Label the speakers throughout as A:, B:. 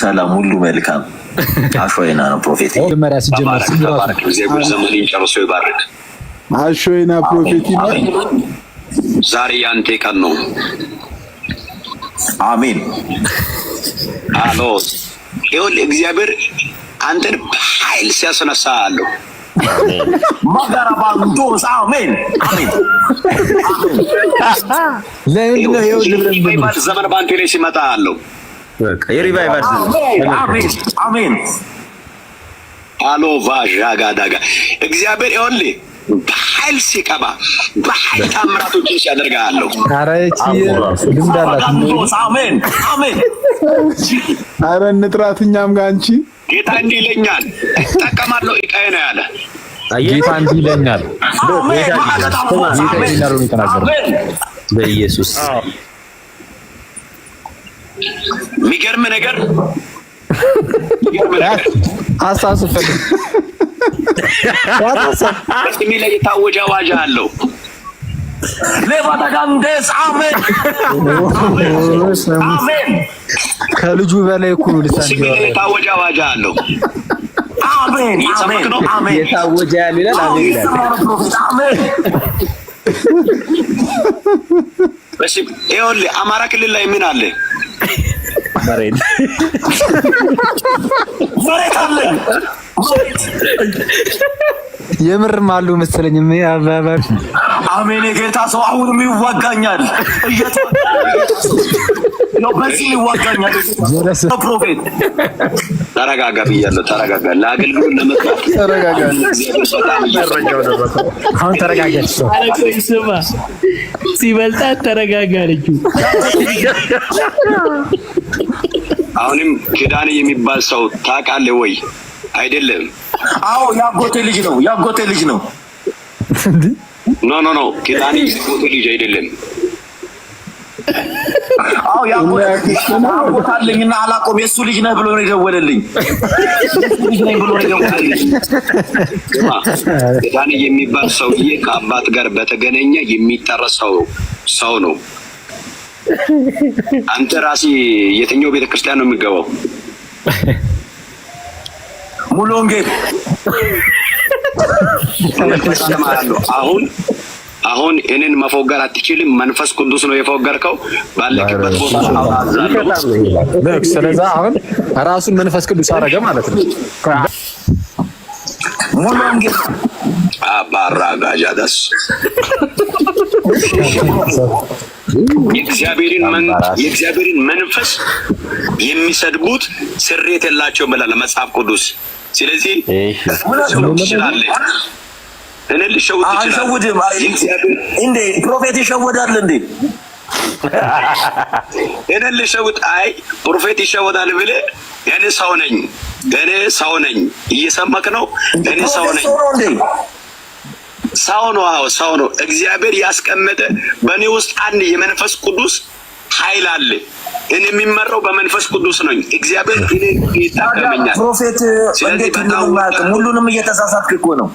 A: ሰላም ሁሉ መልካም አሾይና ነው ፕሮፌት
B: መጀመሪያ ሲጀመር
C: እግዚአብሔር ዘመኔን ጨርሶ ይባርክ።
B: አሾይና ፕሮፌት
C: ዛሬ የአንተ ቀን ነው። አሜን አሎ ይሁን እግዚአብሔር አንተን በኃይል ሲያስነሳ አለሁ ማጋራባንዶስ አሜን አሜን።
B: ለምን ነው ይሁን
C: ልብረን ዘመን ባንቴሬ ሲመጣ አለው የሪቫይቫል አሜን። አሎ ቫዣጋዳጋ እግዚአብሔር ይሆንል በኃይል ሲቀባ በኃይል ታምራቶች አሜን።
B: አረ እንጥራት እኛም ጋር አንቺ
C: ጌታ እንዲህ ይለኛል እጠቀማለሁ እቃዬ ነው ያለ
B: ጌታ እንዲህ ይለኛል። በኢየሱስ
C: የሚገርም ነገር አሳስፈል የሚለ የታወጀ አዋጅ አለው።
B: ከልጁ በላይ እኮ
C: የታወጀ አዋጅ አለው።
B: የታወጀ ይላል። አሜን።
C: ይኸውልህ አማራ ክልል ላይ ምን አለ? መሬት መሬት አለኝ።
B: የምርም አሉ መሰለኝ።
C: አሜን። የጌታ ሰው አሁንም ይዋጋኛል፣ በዚህ ይዋጋኛል። ፕሮፌት ተረጋጋ ብያለሁ። ተረጋጋ። ለአገልግሎት
B: ተረጋጋ። አሁን ተረጋጋች።
D: ስማ ሲበልጣት ተረጋጋ አለችው።
C: አሁንም ኪዳኔ የሚባል ሰው ታውቃለህ ወይ? አይደለም። አዎ፣ ያጎቴ ልጅ ነው። ያጎቴ ልጅ ነው። ኖ ኖ ኖ ጌታኒ የአጎቴ ልጅ አይደለም። አዎ ያጎታለኝና አላቆም የእሱ ልጅ ነህ ብሎ ነው የደወለልኝ። ልጅ የሚባል ሰውዬ ከአባት ጋር በተገናኘ የሚጠራ ሰው ሰው ነው። አንተ ራስህ የትኛው ቤተክርስቲያን ነው የሚገባው? ሙሉ ወንጌል አሁን አሁን እኔን መፎገር አትችልም። መንፈስ ቅዱስ ነው የፎገርከው። ባለክበት ቦታ
B: ስለዛ አሁን ራሱን መንፈስ ቅዱስ አረገ ማለት ነው።
C: ሙሉ ወንጌል አባራ ጋጃ ደስ የእግዚአብሔርን መንፈስ የሚሰድቡት ስሬት የላቸውም ብላል መጽሐፍ ቅዱስ ስለዚህ እኔ ልሸውድ
B: አልሸውድም። እንዴ ፕሮፌት ይሸወዳል እንዴ?
C: እኔ ልሸውድ አይ ፕሮፌት ይሸወዳል ብለህ እኔ ሰው ነኝ፣ እኔ ሰው ነኝ። እየሰማክ ነው። እኔ ሰው ነኝ። ሰው ነው። አዎ ሰው ነው። እግዚአብሔር ያስቀመጠ በእኔ ውስጥ አንድ የመንፈስ ቅዱስ ኃይል አለ። እኔ የሚመራው በመንፈስ ቅዱስ ነኝ። እግዚአብሔር ፕሮፌት እንዴት ሁሉንም ሁሉንም እየተሳሳትክ እኮ ነው።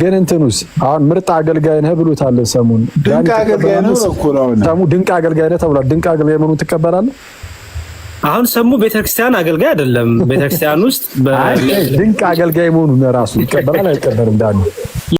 B: ግን እንትኑስ አሁን ምርጥ አገልጋይ ነህ ብሎታል። ሰሙን ሰሙ ድንቅ አገልጋይ ነህ ተብሏል። ድንቅ አገልጋይ መሆኑን ትቀበላለህ?
D: አሁን ሰሙ ቤተክርስቲያን አገልጋይ አይደለም። ቤተክርስቲያን ውስጥ
B: ድንቅ አገልጋይ መሆኑን ራሱ ይቀበላል አይቀበልም? ዳኒ